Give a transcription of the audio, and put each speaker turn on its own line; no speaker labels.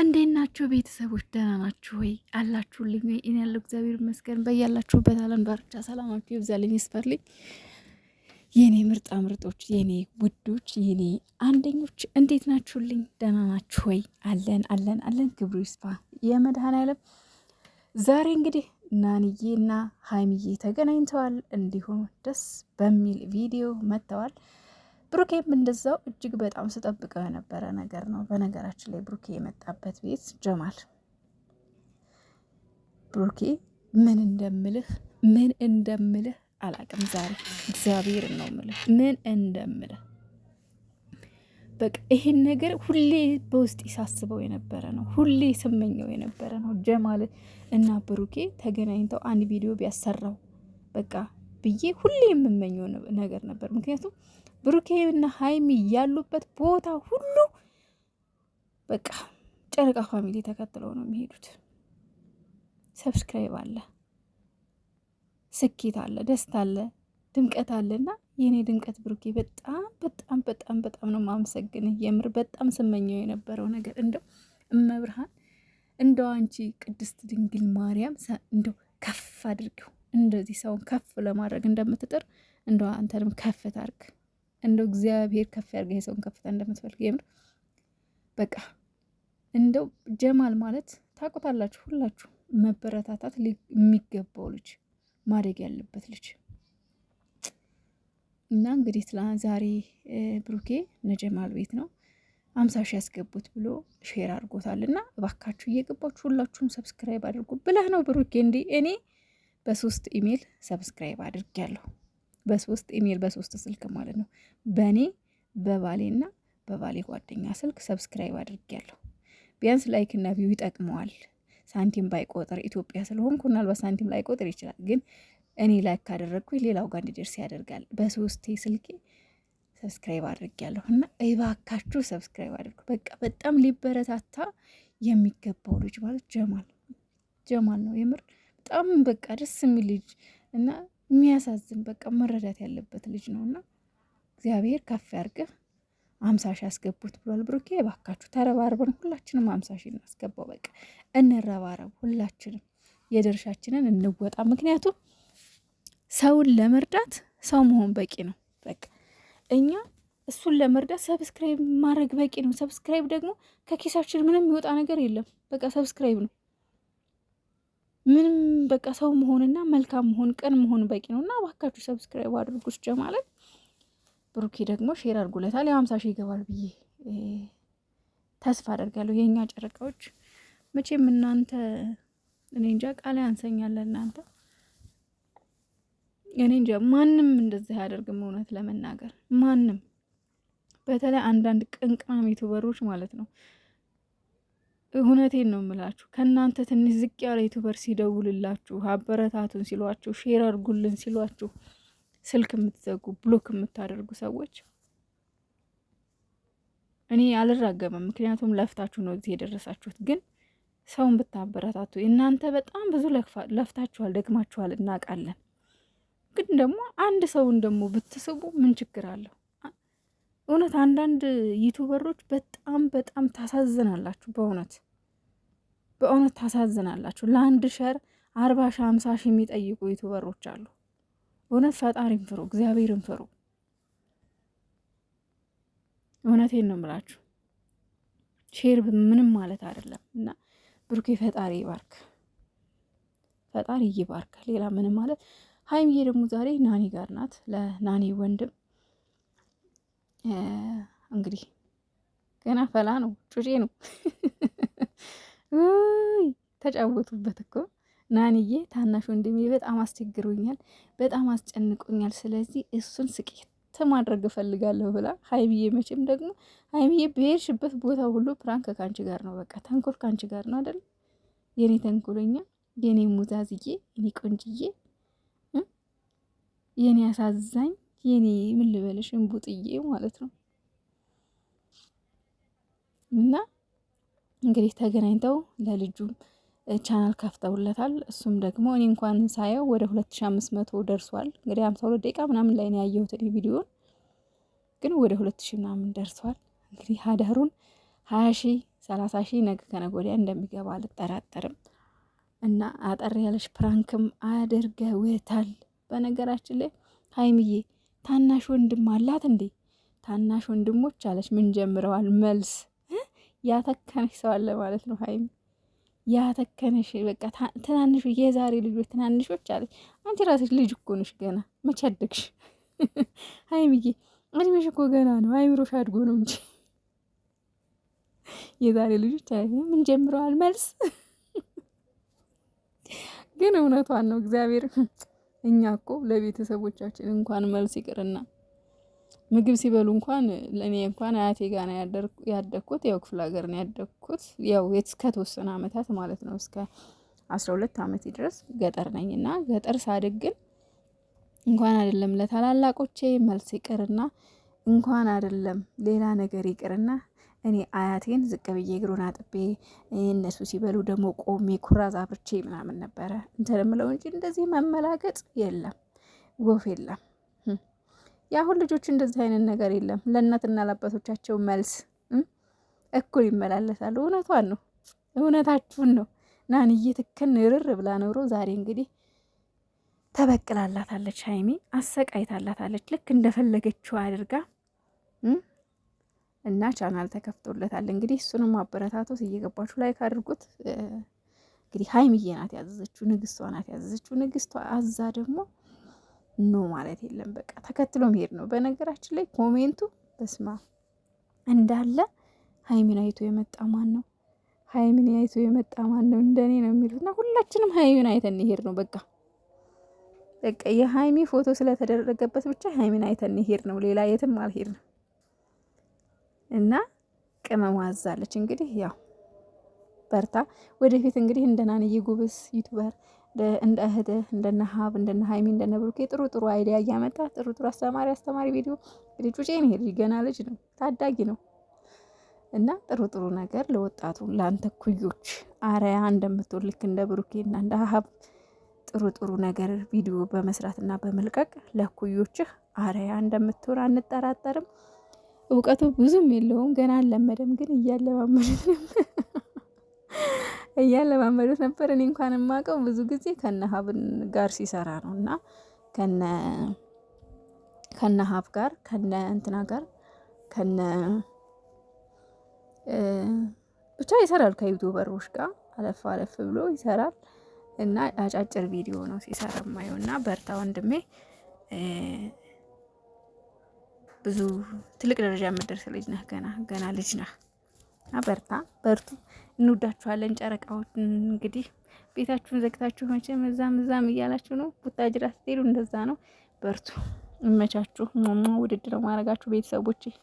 እንዴት ናችሁ ቤተሰቦች? ደህና ናችሁ ወይ? አላችሁልኝ ወይ? እኔ ያለው እግዚአብሔር ይመስገን። በያላችሁበት አለም ዳርቻ ሰላማችሁ ይብዛልኝ ይስፈርልኝ። የኔ ምርጣ ምርጦች፣ የኔ ውዶች፣ የኔ አንደኞች እንዴት ናችሁልኝ? ደህና ናችሁ ወይ? አለን አለን አለን። ክብሩ ይስፋ የመድኃኔዓለም። ዛሬ እንግዲህ ናንዬና ሀይሚዬ ተገናኝተዋል። እንዲሁም ደስ በሚል ቪዲዮ መጥተዋል። ብሩኬም እንደዛው እጅግ በጣም ስጠብቀው የነበረ ነገር ነው። በነገራችን ላይ ብሩኬ የመጣበት ቤት ጀማል ብሩኬ ምን እንደምልህ ምን እንደምልህ አላቅም። ዛሬ እግዚአብሔር ነው ምልህ ምን እንደምልህ በቃ ይሄን ነገር ሁሌ በውስጥ ሳስበው የነበረ ነው። ሁሌ ስመኘው የነበረ ነው። ጀማል እና ብሩኬ ተገናኝተው አንድ ቪዲዮ ቢያሰራው በቃ ብዬ ሁሌ የምመኘው ነገር ነበር። ምክንያቱም ብሩኬና ሀይሚ ያሉበት ቦታ ሁሉ በቃ ጨረቃ ፋሚሊ ተከትለው ነው የሚሄዱት። ሰብስክራይብ አለ፣ ስኬት አለ፣ ደስታ አለ፣ ድምቀት አለና የእኔ ድምቀት ብሩኬ በጣም በጣም በጣም በጣም ነው ማመሰግን። የምር በጣም ስመኘው የነበረው ነገር እንደው እመብርሃን እንደው አንቺ ቅድስት ድንግል ማርያም እንደው ከፍ አድርገው እንደዚህ ሰውን ከፍ ለማድረግ እንደምትጥር እንደው አንተንም ከፍ ታርግ። እንደው እግዚአብሔር ከፍ ያድርገህ የሰውን ከፍታ እንደምትፈልግ የምር በቃ እንደው ጀማል ማለት ታውቁታላችሁ ሁላችሁ መበረታታት የሚገባው ልጅ ማደግ ያለበት ልጅ እና እንግዲህ ትላ ዛሬ ብሩኬ ነጀማል ቤት ነው አምሳ ሺ ያስገቡት ብሎ ሼር አድርጎታል። እና እባካችሁ እየገባችሁ ሁላችሁም ሰብስክራይብ አድርጉ ብለህ ነው ብሩኬ። እንዲህ እኔ በሶስት ኢሜል ሰብስክራይብ አድርጌያለሁ። በሶስት ኢሜል በሶስት ስልክ ማለት ነው። በእኔ በባሌና በባሌ ጓደኛ ስልክ ሰብስክራይብ አድርጌያለሁ። ቢያንስ ላይክና ቪው ይጠቅመዋል። ሳንቲም ባይቆጥር ኢትዮጵያ ስለሆንኩ ምናልባት ሳንቲም ላይቆጥር ይችላል። ግን እኔ ላይክ ካደረግኩ ሌላው ጋር እንዲደርስ ያደርጋል። በሶስቴ ስልኬ ሰብስክራይብ አድርጌያለሁ እና እባካችሁ ሰብስክራይብ አድርጉ። በቃ በጣም ሊበረታታ የሚገባው ልጅ ማለት ጀማል ጀማል ነው። የምር በጣም በቃ ደስ የሚል ልጅ እና የሚያሳዝን በቃ መረዳት ያለበት ልጅ ነው እና እግዚአብሔር ከፍ ያርገህ አምሳ ሺህ አስገቡት ብሏል ብሩኬ። ባካችሁ ተረባርበን ሁላችንም አምሳ ሺህ እናስገባው። በቃ እንረባረብ፣ ሁላችንም የድርሻችንን እንወጣ። ምክንያቱም ሰውን ለመርዳት ሰው መሆን በቂ ነው። በቃ እኛ እሱን ለመርዳት ሰብስክራይብ ማድረግ በቂ ነው። ሰብስክራይብ ደግሞ ከኪሳችን ምንም የሚወጣ ነገር የለም። በቃ ሰብስክራይብ ነው። ምንም በቃ ሰው መሆንና መልካም መሆን ቀን መሆን በቂ ነው እና እባካችሁ ሰብስክራይብ አድርጉ። ስጀ ማለት ብሩኬ ደግሞ ሼር አድርጉለታል። የሀምሳ ሺህ ይገባል ብዬ ተስፋ አደርጋለሁ። የእኛ ጨረቃዎች መቼም እናንተ እኔ እንጃ ቃል ያንሰኛለ እናንተ እኔ እንጃ ማንም እንደዚህ አያደርግም። እውነት ለመናገር ማንም በተለይ አንዳንድ ቅንቃም ዩቱበሮች ማለት ነው እውነቴን ነው የምላችሁ። ከእናንተ ትንሽ ዝቅ ያለ ዩቱበር ሲደውልላችሁ አበረታቱን ሲሏችሁ፣ ሼር አድርጉልን ሲሏችሁ ስልክ የምትዘጉ ብሎክ የምታደርጉ ሰዎች እኔ አልራገምም። ምክንያቱም ለፍታችሁ ነው እዚህ የደረሳችሁት። ግን ሰውን ብታበረታቱ እናንተ በጣም ብዙ ለፍታችኋል፣ ደክማችኋል፣ እናውቃለን። ግን ደግሞ አንድ ሰውን ደግሞ ብትስቡ ምን ችግር አለው? እውነት አንዳንድ ዩቱበሮች በጣም በጣም ታሳዝናላችሁ። በእውነት በእውነት ታሳዝናላችሁ። ለአንድ ሸር አርባ ሺ ሀምሳ ሺ የሚጠይቁ ዩቱበሮች አሉ። እውነት ፈጣሪን ፍሩ፣ እግዚአብሔርን ፍሩ። እውነቴን ነው የምላችሁ። ሼር ምንም ማለት አይደለም እና ብሩኬ ፈጣሪ ይባርክ፣ ፈጣሪ ይባርክ። ሌላ ምንም ማለት ሀይምዬ ደግሞ ዛሬ ናኒ ጋር ናት ለናኒ ወንድም እንግዲህ ገና ፈላ ነው፣ ጩጬ ነው። ውይ ተጫወቱበት እኮ ናንዬ ታናሽ ወንድሜ በጣም አስቸግሮኛል፣ በጣም አስጨንቆኛል። ስለዚህ እሱን ስቄት ማድረግ እፈልጋለሁ ብላ ሀይሚዬ መቼም ደግሞ ሀይሚዬ በሄድሽበት ቦታ ሁሉ ፕራንክ ከአንቺ ጋር ነው፣ በቃ ተንኮል ከአንቺ ጋር ነው አይደል? የኔ ተንኮለኛ፣ የኔ ሙዛዝዬ፣ የኔ ቆንጅዬ፣ የኔ አሳዛኝ የኔ ምን ልበልሽ እንቡጥዬ ማለት ነው። እና እንግዲህ ተገናኝተው ለልጁም ቻናል ከፍተውለታል። እሱም ደግሞ እኔ እንኳን ሳየው ወደ 2500 ደርሷል። እንግዲህ 52 ደቂቃ ምናምን ላይ ነው ያየሁት እኔ ቪዲዮን፣ ግን ወደ 2000 ምናምን ደርሷል። እንግዲህ ሀዳሩን 20 ሺህ 30 ሺህ ነገ ከነገ ወዲያ እንደሚገባ አልጠራጠርም። እና አጠር ያለሽ ፕራንክም አድርገውታል። በነገራችን ላይ ሀይምዬ ታናሽ ወንድም አላት እንዴ? ታናሽ ወንድሞች አለች። ምን ጀምረዋል? መልስ ያተከነሽ ሰው አለ ማለት ነው ሀይም ያተከነሽ በቃ ትናንሹ የዛሬ ልጆች ትናንሾች አለች። አንቺ ራስሽ ልጅ እኮ ነሽ ገና መቼ አደግሽ ሀይሚዬ? እድሜሽ እኮ ገና ነው። አይምሮሽ አድጎ ነው እንጂ የዛሬ ልጆች አለ። ምን ጀምረዋል? መልስ ግን እውነቷን ነው እግዚአብሔር እኛ እኮ ለቤተሰቦቻችን እንኳን መልስ ይቅርና ምግብ ሲበሉ እንኳን ለእኔ እንኳን አያቴ ጋ ነው ያደግኩት። ያው ክፍለ ሀገር ነው ያደግኩት። ያው ተወሰነ አመታት ማለት ነው እስከ አስራ ሁለት ዓመቴ ድረስ ገጠር ነኝ እና ገጠር ሳድግ ግን እንኳን አይደለም ለታላላቆቼ መልስ ይቅርና እንኳን አይደለም ሌላ ነገር ይቅርና እኔ አያቴን ዝቅ ብዬ እግሩን አጥቤ እነሱ ሲበሉ ደግሞ ቆሜ ኩራዝ አብርቼ ምናምን ነበረ እንትን እምለው እንጂ እንደዚህ መመላገጥ የለም፣ ወፍ የለም። የአሁን ልጆች እንደዚህ አይነት ነገር የለም። ለእናትና ለአባቶቻቸው መልስ እኩል ይመላለሳሉ። እውነቷን ነው፣ እውነታችሁን ነው። ናንዬ ትክን ርር ብላ ኖሮ ዛሬ እንግዲህ ተበቅላላታለች። ሀይሚ አሰቃይታላታለች። ልክ እንደፈለገችው አድርጋ እና ቻናል ተከፍቶለታል። እንግዲህ እሱንም አበረታቶት እየገባችሁ ላይክ አድርጉት። እንግዲህ ሀይሚዬ ናት ያዘዘችው፣ ንግስቷ ናት ያዘዘችው። ንግስቷ አዛ ደግሞ ኖ ማለት የለም በቃ ተከትሎ መሄድ ነው። በነገራችን ላይ ኮሜንቱ በስማ እንዳለ ሀይሚን አይቶ የመጣ ማን ነው? ሀይሚን አይቶ የመጣ ማን ነው? እንደኔ ነው የሚሉት እና ሁላችንም ሀይሚን አይተን ሄድ ነው በቃ በቃ የሀይሚ ፎቶ ስለተደረገበት ብቻ ሀይሚን አይተን ሄድ ነው። ሌላ የትም አልሄድ ነው። እና ቅመሟ አዛለች። እንግዲህ ያው በርታ ወደፊት እንግዲህ እንደናንዬ ጉብስ ዩቱበር እንደ እህትህ እንደነ ሀብ እንደነ ሀይሚ እንደነ ብሩኬ ጥሩ ጥሩ አይዲያ እያመጣ ጥሩ ጥሩ አስተማሪ አስተማሪ ቪዲዮ እንግዲህ ጩጬ ነው። ይሄ ገና ልጅ ነው ታዳጊ ነው እና ጥሩ ጥሩ ነገር ለወጣቱ ለአንተ ኩዮች አርያ እንደምትሆን ልክ እንደ እና እንደ ሀብ ጥሩ ጥሩ ነገር ቪዲዮ በመስራትና በመልቀቅ ለኩዮችህ አርያ እንደምትሆን አንጠራጠርም። እውቀቱ ብዙም የለውም ገና አልለመደም፣ ግን እያለማመዱት ነበር እያለማመዱት ነበር። እኔ እንኳን የማውቀው ብዙ ጊዜ ከነ ሀብን ጋር ሲሰራ ነው እና ከነ ሀብ ጋር ከነ እንትና ጋር ከነ ብቻ ይሰራል ከዩቱበሮች ጋር አለፍ አለፍ ብሎ ይሰራል እና አጫጭር ቪዲዮ ነው ሲሰራ ማየው እና በርታ ወንድሜ ብዙ ትልቅ ደረጃ የምደርስ ልጅ ነህ። ገና ገና ልጅ ነህ። በርታ፣ በርቱ። እንወዳችኋለን ጨረቃዎች። እንግዲህ ቤታችሁን ዘግታችሁ መቼም እዛም እዛም እያላችሁ ነው። ቡታጅራ ስትሄዱ እንደዛ ነው። በርቱ፣ እመቻችሁ። ሞሞ ውድድር ማድረጋችሁ ቤተሰቦቼ።